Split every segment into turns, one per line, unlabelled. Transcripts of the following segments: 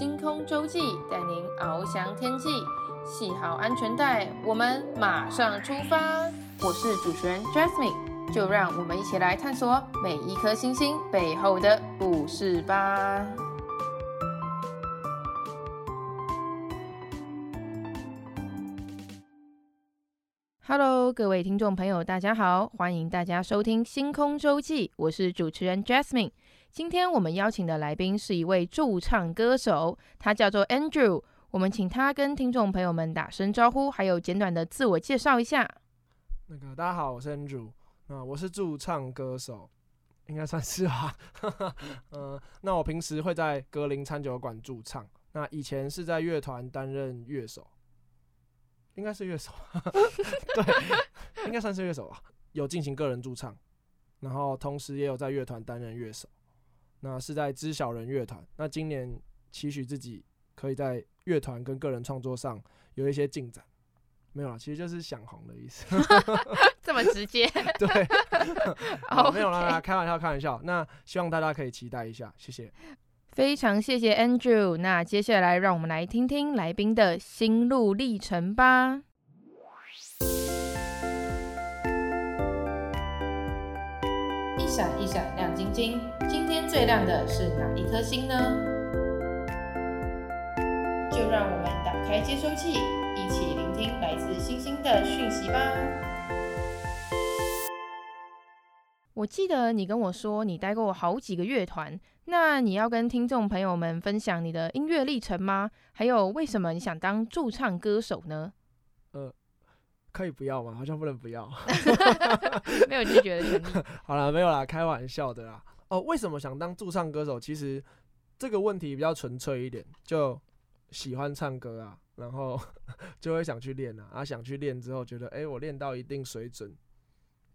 星空週記帶您翱翔天際，繫好安全帶，我們馬上出發。我是主持人 Jasmine，就讓我們一起來探索每一顆星星背後的故事吧。Hello，各位聽眾朋友，大家好！歡迎大家收聽《星空周記》，我是主持人 Jasmine。今天我們邀請的來賓是一位駐唱歌手，他叫做 Andrew。我們請他跟聽眾朋友們打聲招呼，還有簡短的自我介紹一下。
那個大家好，我是 Andrew，那、呃、我是駐唱歌手，應該算是吧。嗯、 呃，那我平時會在格林餐酒館駐唱，那以前是在樂團擔任樂手。應該是樂手， 對，應該算是樂手吧。有進行個人駐唱，然後同時也有在樂團擔任樂手。那是在知小人樂團。那今年期許自己可以在樂團跟個人創作上有一些進展，沒有啦，其實就是想紅的意思。
這麼直接？對
沒有啦，Okay. 開玩笑，開玩笑。那希望大家可以期待一下，謝謝。
非常謝謝 Andrew。那接下來，讓我們來聽聽來賓的心路歷程吧。一閃一閃亮晶晶，今天最亮的是哪一顆星呢？就讓我們打開接收器，一起聆聽來自星星的訊息吧。我記得你跟我說，你待過好幾個樂團。那你要跟聽眾朋友們分享你的音樂歷程嗎？還有為什麼你想當駐唱歌手呢？
呃，可以不要嗎？好像不能不要， 沒有拒絕的 好啦，沒有啦，開玩笑的啦。哦，為什麼想當駐唱歌手？其實這個問題比較純粹一點，就喜歡唱歌啊，然後就會想去練啊。啊，想去練之後，覺得哎、欸，我練到一定水準，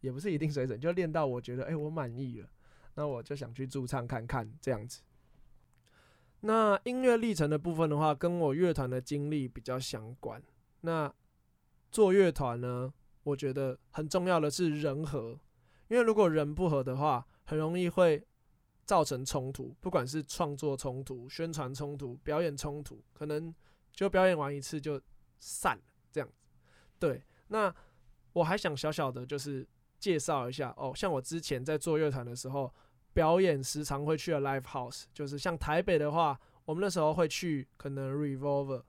也不是一定水準，就練到我覺得哎、欸，我滿意了。那我就想去駐唱看看這樣子。那音樂歷程的部分的話，跟我樂團的經歷比較相關。那做樂團呢，我覺得很重要的是人和，因為如果人不和的話，很容易會造成衝突，不管是創作衝突、宣傳衝突、表演衝突，可能就表演完一次就散了這樣子。對，那我還想小小的，就是介紹一下哦，像我之前在做樂團的時候，表演時常會去的 live house，就是像台北的話，我們那時候會去可能 Revolver，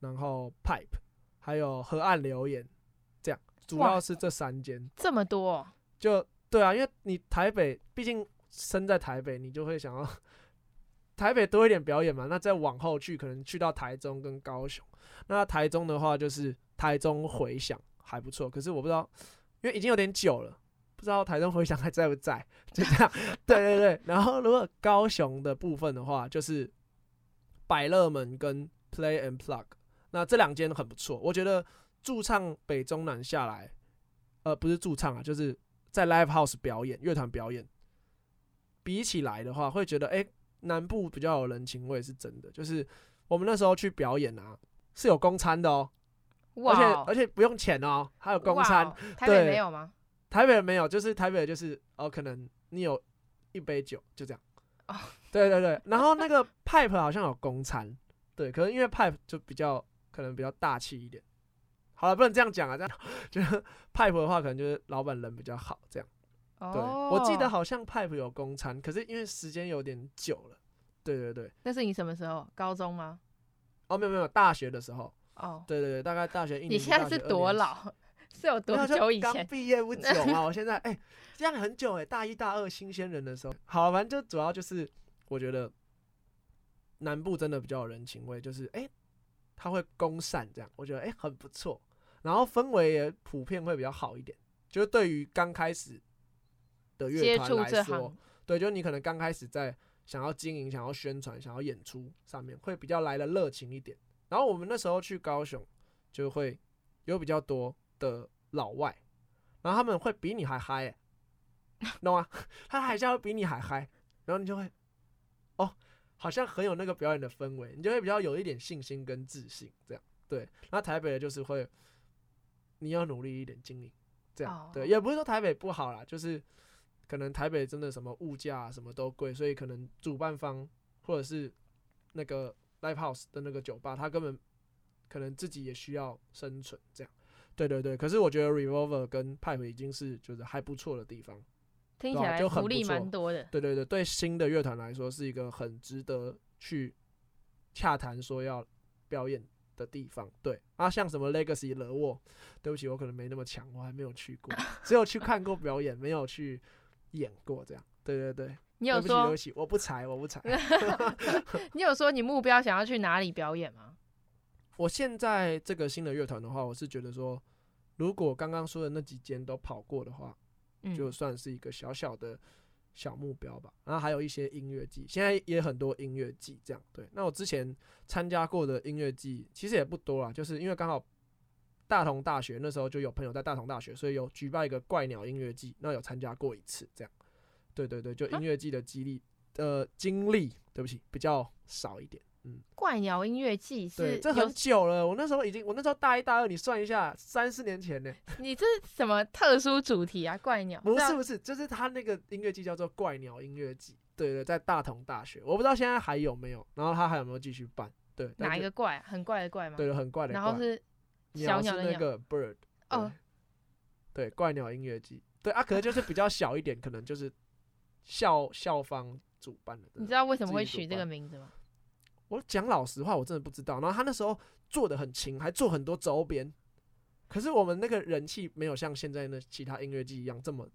然後 Pipe，還有河岸留言，這樣主要是這三間。這麼多？就對啊，因為你台北畢竟身在台北，你就會想要台北多一點表演嘛。那再往後去，可能去到台中跟高雄。那台中的話，就是台中回響、嗯、還不錯，可是我不知道，因為已經有點久了。不知道台中回響還在不在？就這樣，對對對。 然後如果高雄的部分的話，就是百樂門跟 Play and Plug，那這兩間很不錯。我覺得駐唱北中南下來，呃，不是駐唱啊，就是在 Live House 表演，樂團表演，比起來的話，會覺得欸，南部比較有人情味是真的。就是我們那時候去表演啊，是有公餐的喔，Wow. 而且而且不用錢喔，還有公餐。Wow. 對台北沒有嗎？台北沒有，就是台北就是哦，可能你有一杯酒就這樣、oh. 對對對，然後那個派普好像有公餐， 對，可能因為派普就比較可能比較大氣一點。好了，不能這樣講啊，這樣就是派普的話，可能就是老板人比較好這樣。
哦、oh.，我記得
好像派普有公餐，可是因為時間有點久了。對對對。
那是你什麼時候？高中嗎？
哦，沒有沒有，大學的時候。哦。Oh. 對對對，大概大學。一年大學你現在是多老？
是有多久以前？沒有，剛畢業不久嘛，我
現在哎、欸，這樣很久哎、欸、大一、大二新鮮人的時候，好，反正就主要就是我覺得南部真的比較有人情味，就是哎、欸，他會公善這樣，我覺得哎、欸、很不錯。然後氛圍也普遍會比較好一點，就是對於剛開始的樂團來說，對，就你可能剛開始在想要經營、想要宣傳、想要演出上面，會比較來的熱情一點。然後我們那時候去高雄，就會有比較多的老外，然後他們會比你還嗨、欸，懂嗎、？ no 啊？他還是會比你還嗨，然後你就會，哦，好像很有那個表演的氛圍，你就會比較有一點信心跟自信，這樣對。那台北的就是會，你要努力一點經營，這樣、oh. 對。也不是說台北不好啦，就是可能台北真的什麼物價啊什麼都貴，所以可能主辦方或者是那個 live house 的那個酒吧，他根本可能自己也需要生存，這樣。對對對，可是我覺得 Revolver 跟 PIPE 已經是就是還不錯的地方，聽起來就福利蠻多的。對對對，對新的樂團來說是一個很值得去洽談說要表演的地方。對啊，像什麼 Legacy 了，我，對不起，我可能沒那麼強，我還沒有去過，只有去看過表演， 沒有去演過這樣。對對對，你有說對不起，對不起，我不才，我不才。
你有說你目標想要去哪裡表演嗎？
我現在這個新的樂團的話，我是覺得說，如果剛剛說的那幾間都跑過的話，嗯，就算是一個小小的，小目標吧。然後還有一些音樂季，現在也很多音樂季這樣。對，那我之前參加過的音樂季其實也不多啦，就是因為剛好，大同大學那時候就有朋友在大同大學，所以有舉辦一個怪鳥音樂季，那有參加過一次這樣。對對對，就音樂季的激勵蛤呃，經歷，對不起，比較少一點。怪鳥音樂季是，這很久了。有我那時候已經，我那時候大一大二，你算一下，三四年前呢。你這是什麼特殊主題啊？怪鳥？不是不是，就是他那個音樂季叫做怪鳥音樂季。對，對對，在大同大學，我不知道現在還有沒有，然後他還有沒有繼續辦？對，哪一個
怪？很怪的怪嗎？對，很怪的怪。然後是
小，小的鳥的那個 bird。哦、oh.，對，怪鳥音樂季。對啊，可能就是比較小一點， 可能就是校校方主辦的。你知道為什麼會取辦這個名字嗎？我講老實話，我真的不知道。然後他那時候做的很勤，還做很多周邊。可是我們那個人氣沒有像現在的其他音樂祭一樣這麼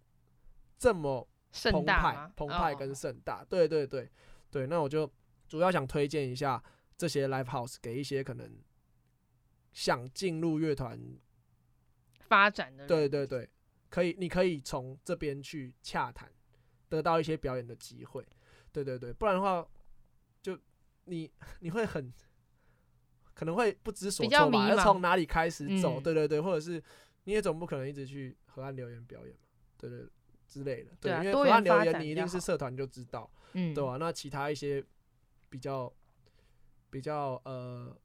這麼澎湃盛大澎湃跟盛大。Oh. 對對對對，那我就主要想推薦一下這些 live house 給一些可能想進入樂團
發展的。對
對對，可以，你可以從這邊去洽談，得到一些表演的機會。對對對，不然的話。你你會很，可能會不知所措吧？要從哪裡開始走？嗯、對對對，或者是你也總不可能一直去河岸留言表演嘛？對對，對之類的。對，啊、對，因為河岸留言你一定是社團就知道，嗯，對吧、啊？那其他一些比較比較呃，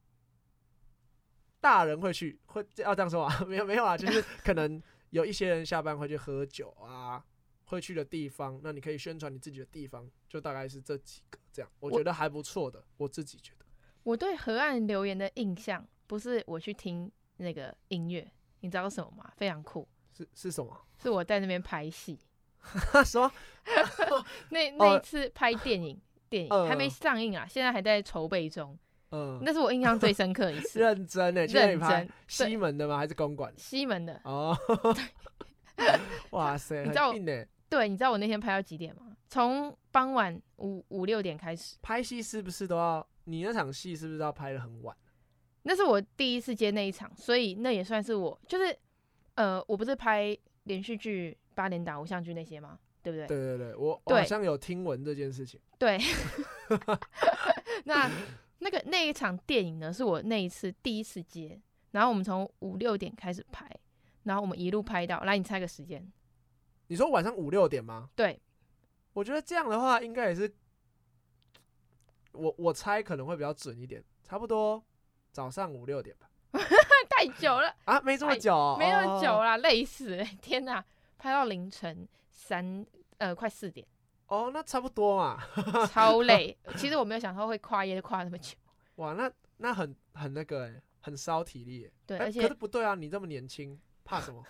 大人會去會要、啊、這樣說啊，沒有沒有啊，就是可能有一些人下班會去喝酒啊， 會去的地方，那你可以宣傳你自己的地方，就大概是這幾個。我覺得還不錯的，我自己覺得。
我對河岸留言的印象，不是我去聽那個音樂，你知道什麼嗎？非常酷。是是什麼？是我在那邊拍戲。什
麼？
那那一次拍電影，電影還沒上映啊，現在還在籌備中。
嗯。那是我印象最深刻一次。認真誒，認真。西門的嗎？還是公館？西門的。哦。哇塞！你知道
我？對，你知道我那天拍到幾點嗎？從。傍晚五五六點
開始拍戲，是不是都要？你那場戲是不是要拍得很晚啊？
那是我第一次接那一場，所以那也算是我，就是呃，我不是拍連續劇、八點檔、偶像劇那些嗎？對不
對？對對對，我、對、哦、好像有聽聞這件事情。
對， 那那個那一場電影呢，是我那一次第一次接，然後我們從五六點開始拍，然後我們一路拍到來，你猜個時間？
你說晚上五六點嗎？對。我覺得這樣的話應該也是我，我我猜可能會比較準一點，差不多早上五六點吧。
太 久了
啊，沒這麼久、哦，沒那麼久啦、哦、了，
累死！天哪、啊，拍到凌晨，三呃快四點。哦，那差不多嘛。 超累，其實我沒有想到會跨夜跨那麼久。
哇，那那很很那個哎、欸，很燒體力、欸。對，欸、而且可是不對啊，你這麼年輕，怕什麼？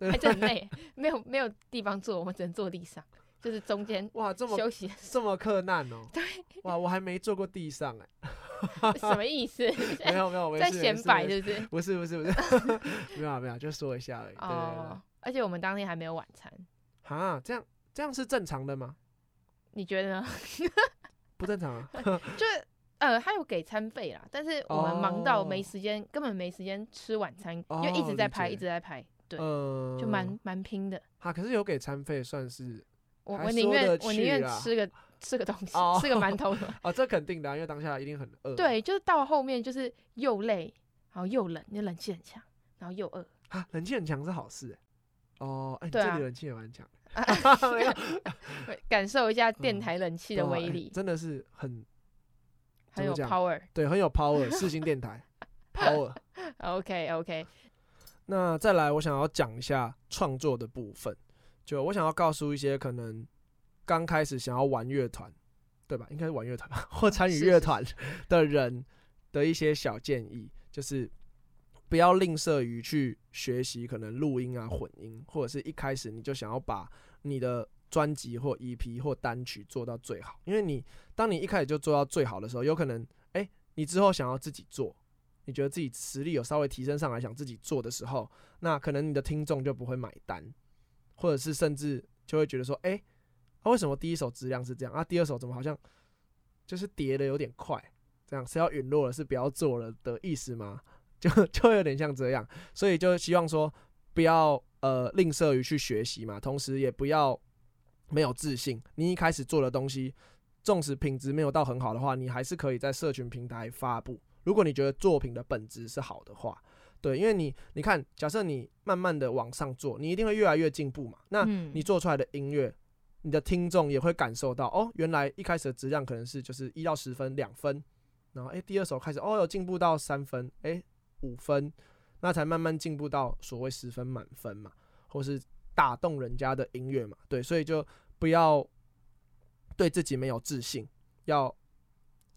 還是 很累，
沒有沒有地方坐，我們只能坐地上。就是中間哇這麼休息
這麼克難哦對哇我還沒坐過地上哎什麼意思沒有沒有在顯擺對不對？不是不是不是沒有沒有就說一下而已對。
而且我們當天還沒有晚餐
哈。這樣這樣是正常的嗎你覺得呢？不正常啊就
是呃他有給餐費啦但是我們忙到沒時間根本沒時間吃晚餐因為一直在拍一直在拍
對呃就蠻蠻拼的哈。可是有給餐費算是。我我寧願我寧願吃個
吃個東西吃個饅頭
啊！這肯定的，因為當下一定很餓。對，
就是到後面就是又累，然後又冷，你冷氣很強，然後又餓
啊！冷氣很強是好事哦，哎，你這裡冷氣也蠻強，
感受一下電臺冷氣的威力，
真的是很很有 power，對，很有 power，世新電臺 power。
OK OK，
那再來，我想要講一下創作的部分。就我想要告訴一些可能剛開始想要玩樂團，對吧？應該是玩樂團或參與樂團的人的一些小建議，是是是，就是不要吝嗇於去學習可能錄音啊、混音，或者是一開始你就想要把你的專輯或 EP 或單曲做到最好，因為你當你一開始就做到最好的時候，有可能哎、欸，你之後想要自己做，你覺得自己實力有稍微提升上來，想自己做的時候，那可能你的聽眾就不會買單。或者是甚至就會覺得說，誒、欸，他、啊、為什麼第一首質量是這樣啊？第二首怎麼好像就是跌得有點快？這樣是要隕落了，是不要做了的意思嗎？就就有點像這樣，所以就希望說不要呃吝嗇於去學習嘛，同時也不要沒有自信。你一開始做的東西，縱使品質沒有到很好的話，你還是可以在社群平台發布。如果你覺得作品的本質是好的話。對，因為你，你看，假設你慢慢的往上做，你一定會越來越進步嘛。那你做出來的音樂，你的聽眾也會感受到，哦，原來一開始的質量可能是就是一到十分兩分，然後誒、欸、第二首開始，哦，有進步到三分，誒、欸、五分，那才慢慢進步到所謂十分滿分嘛，或是打動人家的音樂嘛。對，所以就不要對自己沒有自信，要。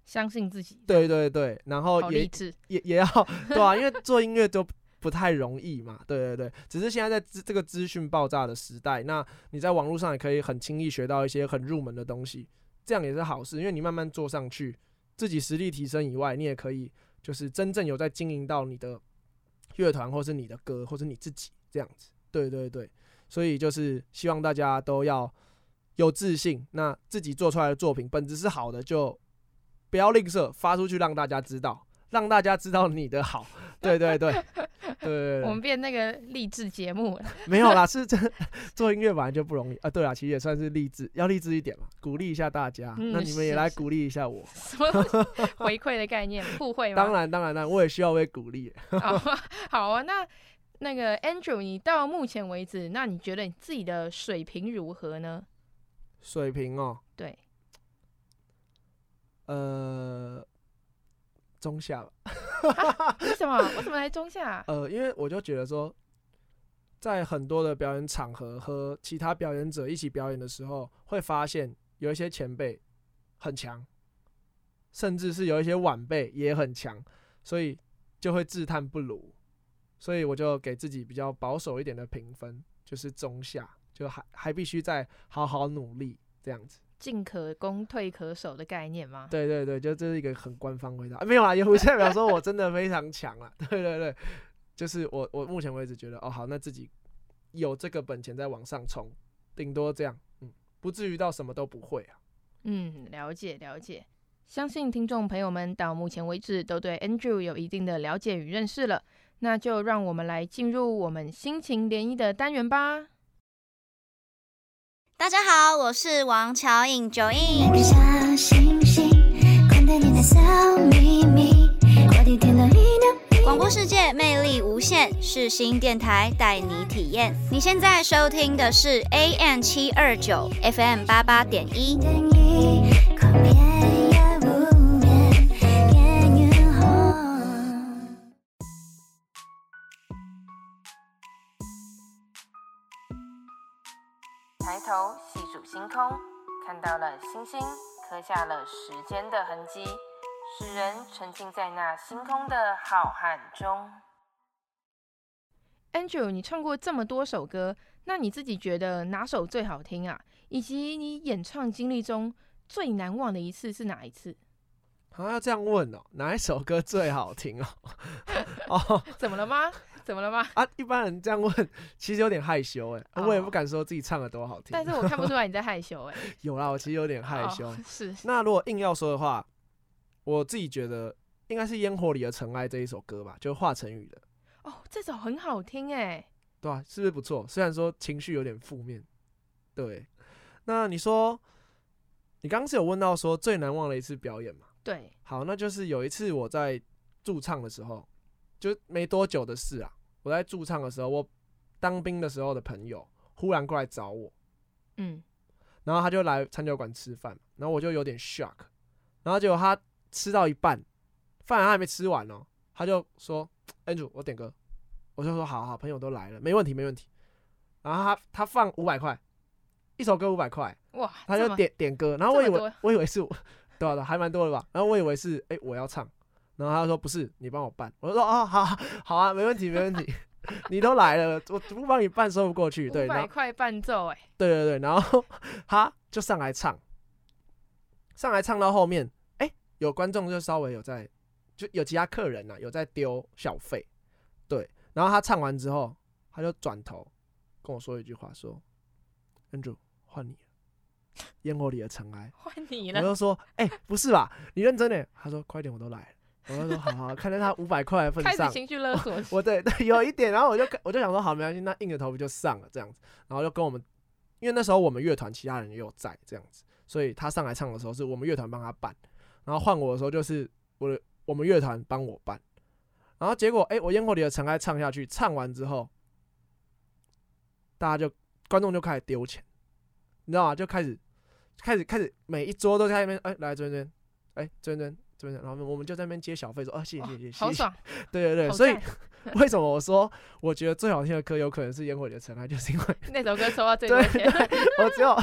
相信自己，對對對，然後也也也要對啊，因為做音樂都不，不太容易嘛，對對對。只是現在在這個資訊爆炸的時代，那你在網絡上也可以很輕易學到一些很入門的東西，這樣也是好事。因為你慢慢做上去，自己實力提升以外，你也可以就是真正有在經營到你的樂團，或是你的歌，或是你自己這樣子。對對對，所以就是希望大家都要有自信，那自己做出來的作品本質是好的就。不要吝嗇，發出去讓大家知道，讓大家知道你的好。對對對，對，對，對。我們
變那個勵志節目了。沒有啦，是
這做音樂本來就不容易啊。對啊，其實也算是勵志，要勵志一點嘛，鼓勵一下大家。嗯、那你們也來鼓勵一下我。是是
回饋的概念， 互惠嘛。當然
當然我也需要被鼓勵。
好啊、哦，好啊，那那個 Andrew，你到目前為止，那你覺得你自己的水平如何呢？
水平哦。對。呃，中下
吧、 啊。為什麼？為什麼來中下？
呃，因為我就覺得說，在很多的表演場合和其他表演者一起表演的時候，會發現有一些前輩很強，甚至是有一些晚輩也很強，所以就會自嘆不如。所以我就給自己比較保守一點的評分，就是中下，就還還必須再好好努力這樣子。
進可攻，退可守的概念嗎？
對對對，就這是一個很官方回答啊。沒有啊，也不代表說我真的非常強啊。 對對對，就是我我目前為止覺得，哦好，那自己有這個本錢在往上衝，頂多這樣，嗯，不至於到什麼都不會啊。嗯，
了解了解，相信聽眾朋友們到目前為止都對 Andrew 有一定的了解與認識了，那就讓我們來進入我們心情漣漪的單元吧。大家好，我是王喬穎，Joyin。廣播世界魅力無限，世新電臺帶你體驗。你現在收聽的是 AM 七二九 FM 八八點一。頭細數星空，看到了星星，刻下了時間的痕跡，使人沉浸在那星空的浩瀚中。Andrew，你唱過這麼多首歌，那你自己覺得哪首最好聽啊？以及你演唱經歷中最難忘的一次是哪一次？
好像、啊、要這樣問哦，哪一首歌最好聽哦？哦，怎麼了嗎？怎麼了嗎？啊，一般人這樣問，其實有點害羞哎，欸，oh, 我也不敢說自己唱的多好聽。但是我看不
出來你在害羞哎，
欸。 有啦，我其實有點害羞。Oh, 是。那如果硬要說的話，我自己覺得應該是《煙火裡的塵埃》這一首歌吧，就是華晨宇的。
哦，oh, 這首很好聽哎，欸。
對吧，啊？是不是不錯？雖然說情緒有點負面。對。那你說，你剛剛是有問到說最難忘的一次表演嘛？對。好，那就是有一次我在駐唱的時候。就沒多久的事啊！我在駐唱的時候，我當兵的時候的朋友忽然過來找我，嗯，然後他就來餐酒館吃飯，然後我就有點 shock，然後結果他吃到一半，飯他還沒吃完哦，他就說：「Andrew，我點歌。”我就說：“好好好，朋友都來了，沒問題，沒問題。”然後他他放五百塊，一首歌五百塊，
哇！他就點麼
點歌，然後我以為我以為是我， 對啊對啊，還蠻多的吧？然後我以為是哎，我要唱。然後他就說：“不是，你幫我辦。”我就說：“哦，好，好啊，沒問題，沒問題。 你都來了，我不幫你辦說不過去。”對，五百
塊伴奏、欸，哎，
對對對。然後他就上來唱，上來唱到後面，哎，有觀眾就稍微有在，就有其他客人吶、啊，有在丟小費。對，然後他唱完之後，他就轉頭跟我說一句話：“說，Andrew，換你，《煙火裡的塵埃》，換你了。”我就說：“哎，不是吧？你認真的、欸？”他說：“快點，我都來了。” 我就說，好好，看在他五百塊的份上，開始情
緒勒索。
我對對，有一點，然後我就我就想說好，沒關係，那硬着頭皮就上了這樣子。然後就跟我們，因為那時候我們樂團其他人也有在這樣子，所以他上來唱的時候是我們樂團幫他辦，然後換我的時候就是我的我們樂團幫我辦。然後結果哎、欸，我煙火裡的塵埃唱下去，唱完之後，大家就觀眾就開始丟錢，你知道嗎？就開始開始開始每一桌都在那邊哎、欸、來，尊尊，哎尊尊。然後我們就在那邊接小費說，說啊謝謝謝謝哇，是好爽，對對對，帶所以為什麼我說我覺得最好聽的歌有可能是煙火裡的塵埃，就是因為
那首歌收到最多錢。對對，我只有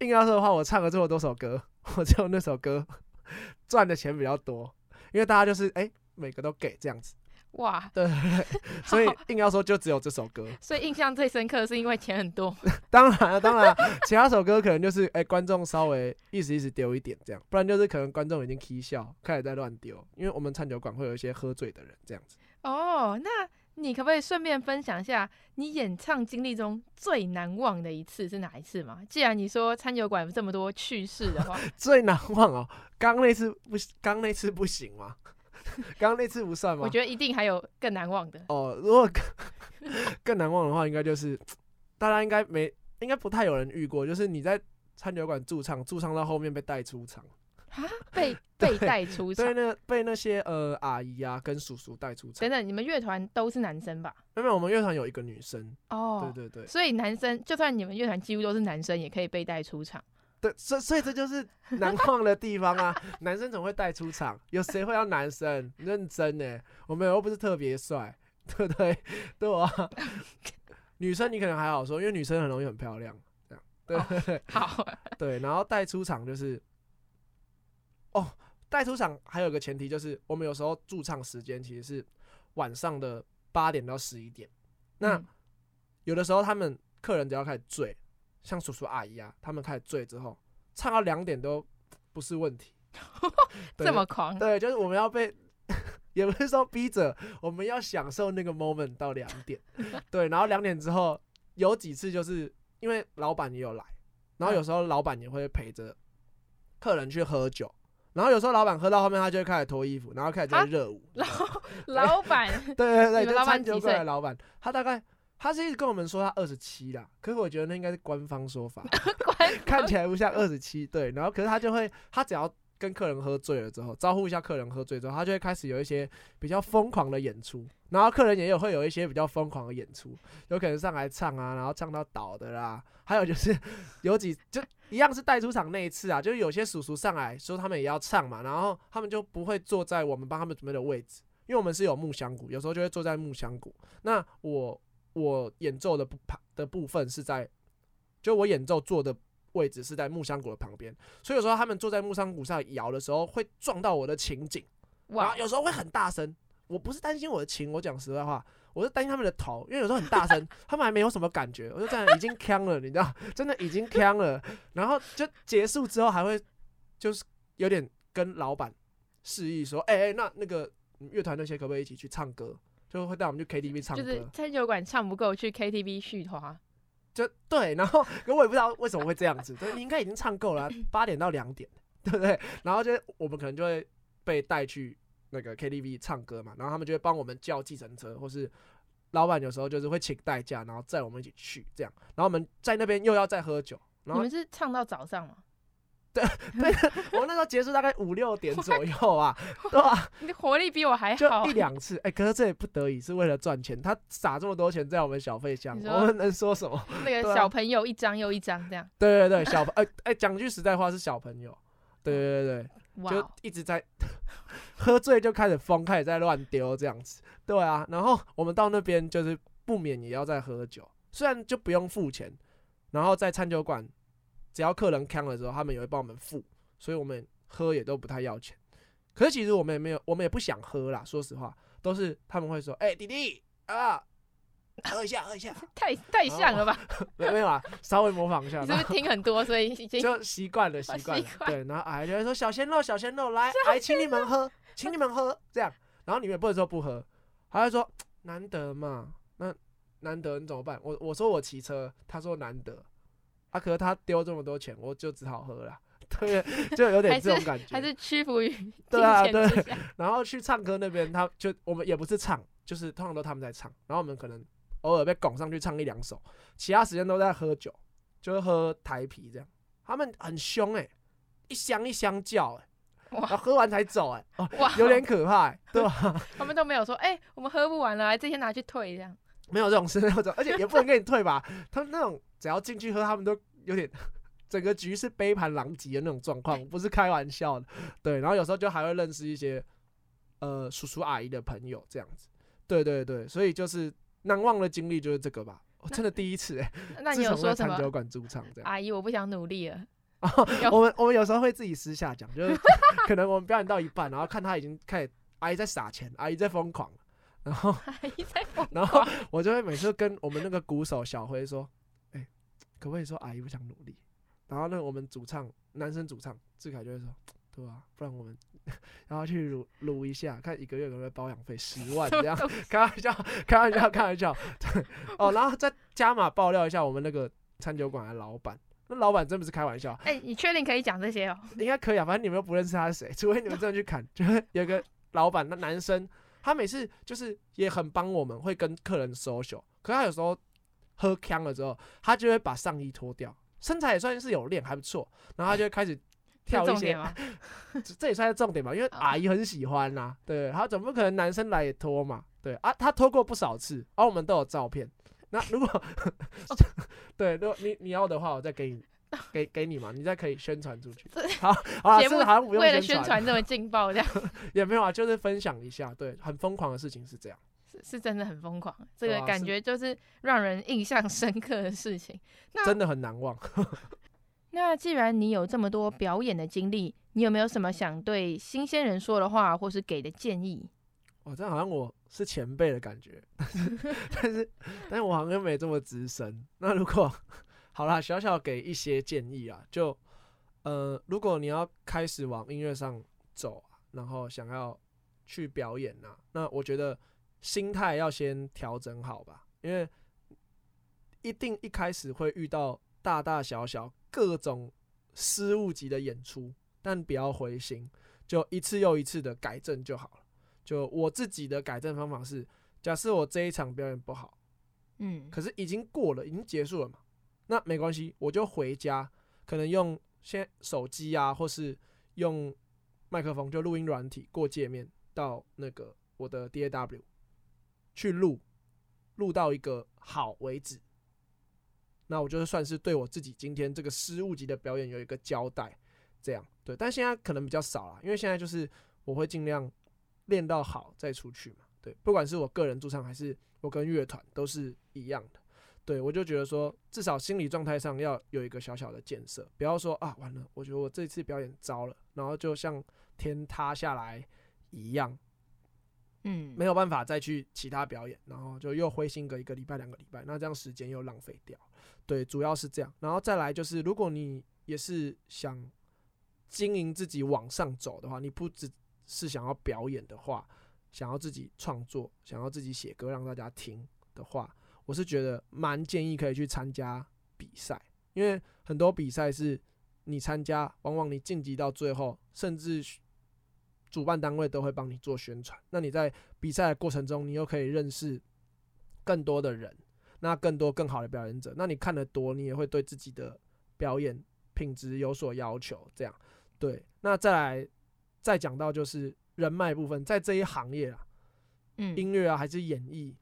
硬 要說的話，我唱了這麼多首歌，我只有那首歌賺的錢比較多，因為大家就是哎每個都給這樣子。哇，對，對，對，所以硬要說就只有這首歌。
所以印象最深刻的是因為錢很多。
當然了，當然了，其他首歌可能就是哎、欸、觀眾稍微意思意思丟一點這樣，不然就是可能觀眾已經 K 笑開始在亂丟，因為我們餐酒館會有一些喝醉的人這樣子。
哦，那你可不可以順便分享一下你演唱經歷中最難忘的一次是哪一次嗎？既然你說餐酒館有這麼多趣事的話，
最難忘哦，剛那次不行，剛那次不行嗎？剛剛 那次不算嗎？我覺得一
定還有更難忘的
哦。如果更，更難忘的話，應該就是大家應該沒，應該不太有人遇過，就是你在餐酒館駐唱，駐唱到後面被帶出場
啊，被被帶出場， 對，被
對對，那被那些呃阿姨啊跟叔叔帶出場。
等等，你們樂團都是男生吧？
沒有，我們樂團有一個女生哦。對對對，所
以男生就算你們樂團幾乎都是男生，也可以被帶出場。
對，所以所以這就是難忘的地方啊！ 男生總會帶出場，有誰會要男生認真呢？欸？我們又不是特別帥，對不對？對啊。 女生你可能還好說，因為女生很容易很漂亮，對對對。哦。好。對，然後帶出場就是，哦，帶出場還有個前提就是，我們有時候駐唱時間其實是晚上的八點到十一點，那、嗯、有的時候他們客人只要開始醉。像叔叔阿姨啊，他們開始醉之後，唱到兩點都不是問題。
對，這麼狂？
對，就是我們要被，呵呵，也不是說逼着，我們要享受那個 moment 到兩點， 對，然後兩點之後，有幾次就是因為老板也有來，然後有時候老板也會陪着客人去喝酒，然後有時候老板喝到後面，他就會開始脫衣服，然後開始就在熱舞。啊、老
老板？對對對，就參酒館的
老板，他大概。他是一直跟我們說他二十七啦，可是我覺得那應該是官方說法， 看起來不像二十七。對，然後可是他就會，他只要跟客人喝醉了之後，招呼一下客人喝醉之後，他就會開始有一些比較瘋狂的演出，然後客人也有會有一些比較瘋狂的演出，有可能上來唱啊，然後唱到倒的啦，還有就是有幾就一樣是帶出場那一次啊，就是有些叔叔上來說他們也要唱嘛，然後他們就不會坐在我們幫他們準備的位置，因為我們是有木箱鼓，有時候就會坐在木箱鼓。那我。我演奏的部的部分是在，就我演奏坐的位置是在木箱鼓的旁邊，所以有時候他們坐在木箱鼓上搖的時候會撞到我的琴頸，
然後有時候會很
大聲，我不是擔心我的琴，我講實在話，話，我是擔心他們的頭，因為有時候很大聲， 他們還沒有什麼感覺，我就這樣已經嗆了，你知道，真的已經嗆了，然後就結束之後還會就是有點跟老闆示意說，哎、欸、哎、欸，那那個樂團那些可不可以一起去唱歌？就會帶我們去 KTV 唱歌，就是
餐
酒館唱不夠去 KTV 續攤，
就對。然後，因為我也不知道為什麼會這樣子， 對你應該已經唱夠了，八點到兩點， 對不對？然後就我們可能就會被帶去那個 KTV 唱歌嘛，然後他們就會幫我們叫計程車，或是老板有時候就是會請代駕，然後載我們一起去這樣。然後我們在那邊又要再喝酒，然後你們是
唱到早上嗎？
對，我那時候結束大概五六點左右 What? 啊，
對吧？你的活力比我還好，啊，一兩
次，哎，欸，可是這也不得已，是為了賺錢。他撒這麼多錢在我們小費箱，你說 我們能說什麼？那個小
朋友，啊，一張又一張這樣，對對對，小
朋哎哎，講， 欸欸，句實在話是小朋友，對對對對，Wow 就一直在呵呵喝醉就開始瘋，開始在亂丟這樣子，對啊。然後我們到那邊就是不免也要再喝酒，雖然就不用付錢，然後在餐酒館。只要客人看了之後，他們也會幫我們付，所以我們喝也都不太要錢。可是其實我們也沒有，我們也不想喝啦。說實話，都是他們會說：“哎、欸，弟弟啊，喝一
下，喝一下。太”太太像
了吧？沒有啊，稍微模仿一下。 後你是不是聽很多，所以已經就習慣了習慣？了。了了對，然後哎，有人說：“ 小鮮肉，小鮮肉，來來、 啊，請你們喝，請你們喝。”這樣，然後你們也不能說不喝，他還會說：“難得嘛，那難得你怎麼辦？”我我說我騎車，他說：“難得。”啊，可是他丟這麼多錢，我就只好喝了。對，就有點這種感覺，還是，
還是屈服於對啊對。
然後去唱歌那邊，他就我們也不是唱，就是通常都他們在唱，然後我們可能偶爾被拱上去唱一兩首，其他時間都在喝酒，就是喝台啤這樣。他們很兇哎、欸，一箱一箱叫哎、欸，哇然後喝完才走哎、欸，哦、喔，哇有點可怕、欸，對吧、
啊？他們都沒有說哎、欸，我們喝不完了，這些拿去退這樣。
沒有這種事種，而且也不能給你退吧， 他們那種。只要進去喝，他們都有點，整個局是杯盤狼藉的那種狀況，不是開玩笑的。對，然後有時候就還會認識一些，呃，叔叔阿姨的朋友這樣子。對對對，所以就是難忘的經歷就是這個吧。我那、喔、真的第一次、欸，那，那你有說什麼？酒館駐唱這樣。
阿姨，我不想努力
了。啊， 我們我們有時候會自己私下講，就是可能我們表演到一半， 然後看他已經開始，阿姨在撒錢，阿姨在瘋狂，然後 阿姨在瘋狂，然後我就會每次跟我們那個鼓手小輝說。可不可以說阿姨我不想努力？然後呢，我們主唱男生主唱志凱就會說：“對啊，不然我們然後去擼擼一下，看一個月有沒有包養費十萬這樣。” 開玩笑，開玩笑， 開玩笑。 哦，然後再加碼爆料一下，我們那個餐酒館的老板，那老板真不是開玩笑。
哎、欸，你確定可以講這些哦？應
該可以啊，反正你們又不認識他是誰，除非你們真的去砍，就會 有個老板，那男生他每次就是也很幫我們，會跟客人 social。可是他有時候。喝嗆了之後，他就會把上衣脫掉，身材也算是有練，還不錯。然後他就會開始跳一些，這, 這也算是重點嘛，因為阿姨很喜歡吶、啊。對，他怎麼可能男生來也脫嘛？對啊，他脫過不少次，而、啊、我們都有照片。那如果 對，如果你你要的話，我再給你給給你嘛，你再可以宣傳出去。好啊，節節目好像不用為了宣傳這麼勁爆這樣， 也沒有啊，就是分享一下，對，很瘋狂的事情是這樣。
是真的很瘋狂，這個感覺就是讓人印象深刻的事情，
啊、那真的很難忘。
那既然你有這麼多表演的經歷，你有沒有什麼想對新鮮人說的話，或是給的建議？
哦，這樣好像我是前輩的感覺，但是， 但是，但是我好像又沒這麼資深。那如果好啦，小小給一些建議啊，就呃，如果你要開始往音樂上走，然後想要去表演呢，那我覺得。心態要先調整好吧，因為一定一開始會遇到大大小小各種失誤級的演出，但不要灰心，就一次又一次的改正就好了。就我自己的改正方法是，假設我這一場表演不好，嗯，可是已經過了，已經結束了嘛，那沒關係，我就回家，可能用先手機啊，或是用麥克風就錄音軟體過介面到那個我的 D A W。去錄，錄到一個好為止，那我就算是對我自己今天這個失誤級的表演有一個交代，這樣對。但現在可能比較少啦，因為現在就是我會盡量練到好再出去嘛，對。不管是我個人駐唱還是我跟樂團都是一樣的，對，我就覺得說至少心理狀態上要有一個小小的建設，不要說啊完了，我覺得我這次表演糟了，然後就像天塌下來一樣。嗯，沒有辦法再去其他表演，然後就又灰心個一個禮拜、兩個禮拜，那這樣時間又浪費掉。對，主要是這樣。然後再來就是，如果你也是想經營自己往上走的話，你不只是想要表演的話，想要自己創作，想要自己寫歌讓大家聽的話，我是覺得蠻建議可以去參加比賽，因為很多比賽是你參加，往往你晉級到最後，甚至。主辦單位都會幫你做宣傳，那你在比賽的過程中，你又可以認識更多的人，那更多更好的表演者，那你看得多，你也會對自己的表演品質有所要求。這樣，對。那再來再講到就是人脈部分，在這一行業啊，嗯，音樂啊還是演藝，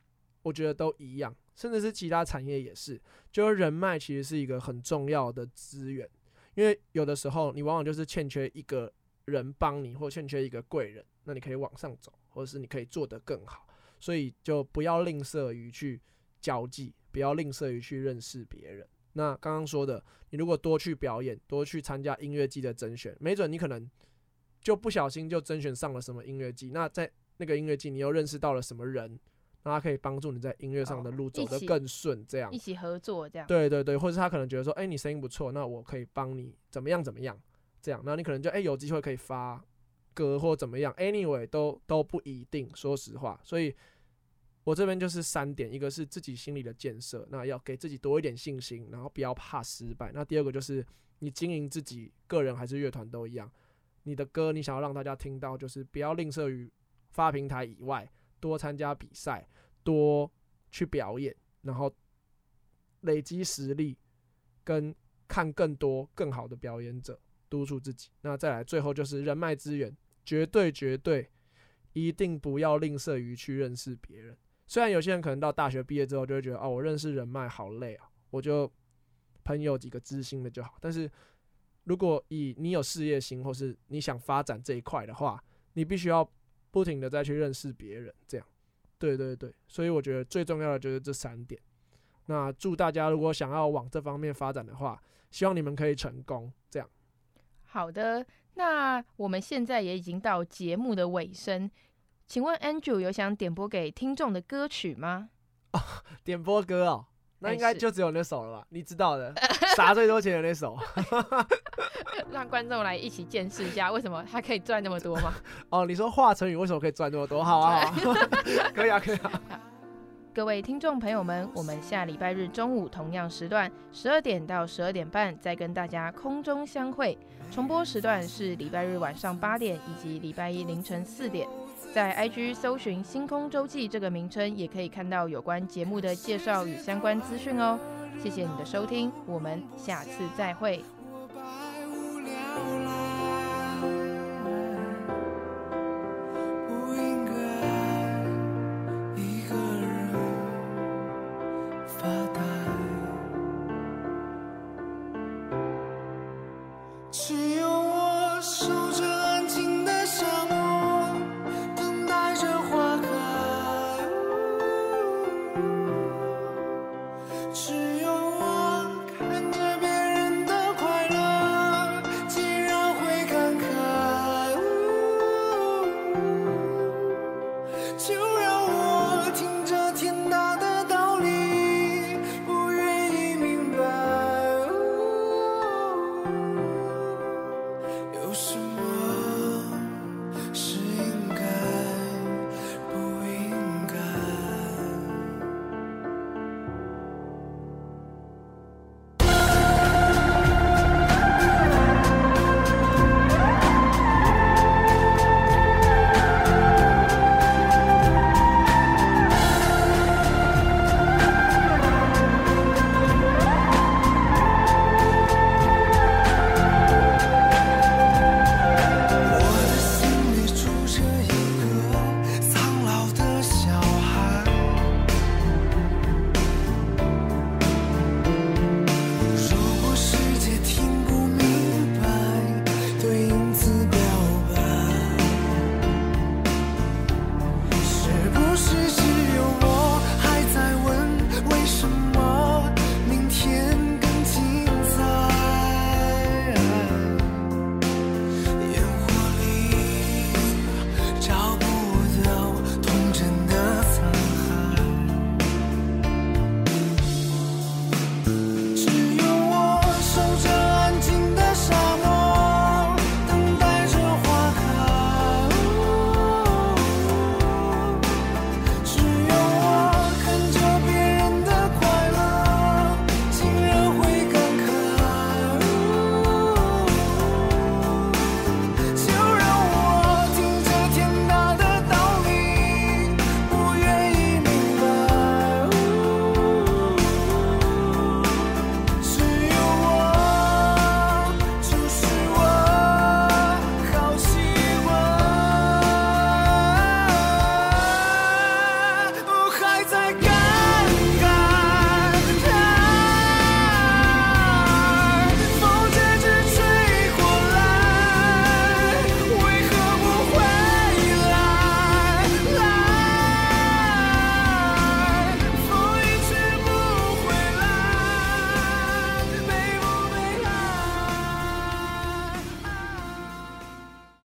我覺得都一樣，甚至是其他產業也是，就是人脈其實是一個很重要的資源，因為有的時候你往往就是欠缺一個。人幫你，或欠缺一個貴人，那你可以往上走，或者是你可以做得更好，所以就不要吝嗇於去交際，不要吝嗇於去認識別人。那剛剛說的，你如果多去表演，多去參加音樂季的甄選，沒準你可能就不小心就甄選上了什麼音樂季。那在那個音樂季，你又認識到了什麼人，那他可以幫助你在音樂上的路走得更順，這樣、哦、一
起、一起合作這樣。對
對對，或者他可能覺得說，哎、欸，你聲音不錯，那我可以幫你怎麼樣怎麼樣。這樣，那你可能就哎、欸、有機會可以發歌或怎麼樣？Anyway，都都不一定。說實話，所以我這邊就是三點：一個是自己心理的建設，那要給自己多一點信心，然後不要怕失敗。那第二個就是你經營自己，個人還是樂團都一樣。你的歌你想要讓大家聽到，就是不要吝嗇於發平台以外，多參加比賽，多去表演，然後累積實力，跟看更多更好的表演者。督促自己。那再來，最後就是人脈資源，絕對絕對一定不要吝嗇於去認識別人。雖然有些人可能到大學畢業之後就會覺得，哦，我認識人脈好累啊，我就朋友幾個知心的就好。但是，如果以你有事業心或是你想發展這一塊的話，你必須要不停的再去認識別人。這樣，對對對。所以我覺得最重要的就是這三點。那祝大家，如果想要往這方面發展的話，希望你們可以成功。這樣。
好的，那我們現在也已經到節目的尾聲，請問 Andrew 有想點播給聽眾的歌曲嗎？
哦，點播歌哦，那應該就只有那首了吧？哎、是你知道的，砸最多錢的那首。
讓觀眾來一起見識一下，為什麼他可以賺那麼多嗎？
哦，你說華晨宇為什麼可以賺那麼多？好啊好， 可以啊，可以啊。
各位聽眾朋友們，我們下禮拜日中午同樣時段，十二點到十二點半再跟大家空中相會。重播時段是禮拜日晚上八點以及禮拜一凌晨四點。在 IG 搜尋“星空周記”這個名稱，也可以看到有關節目的介紹與相關資訊哦。謝謝你的收聽，我們下次再會。
是。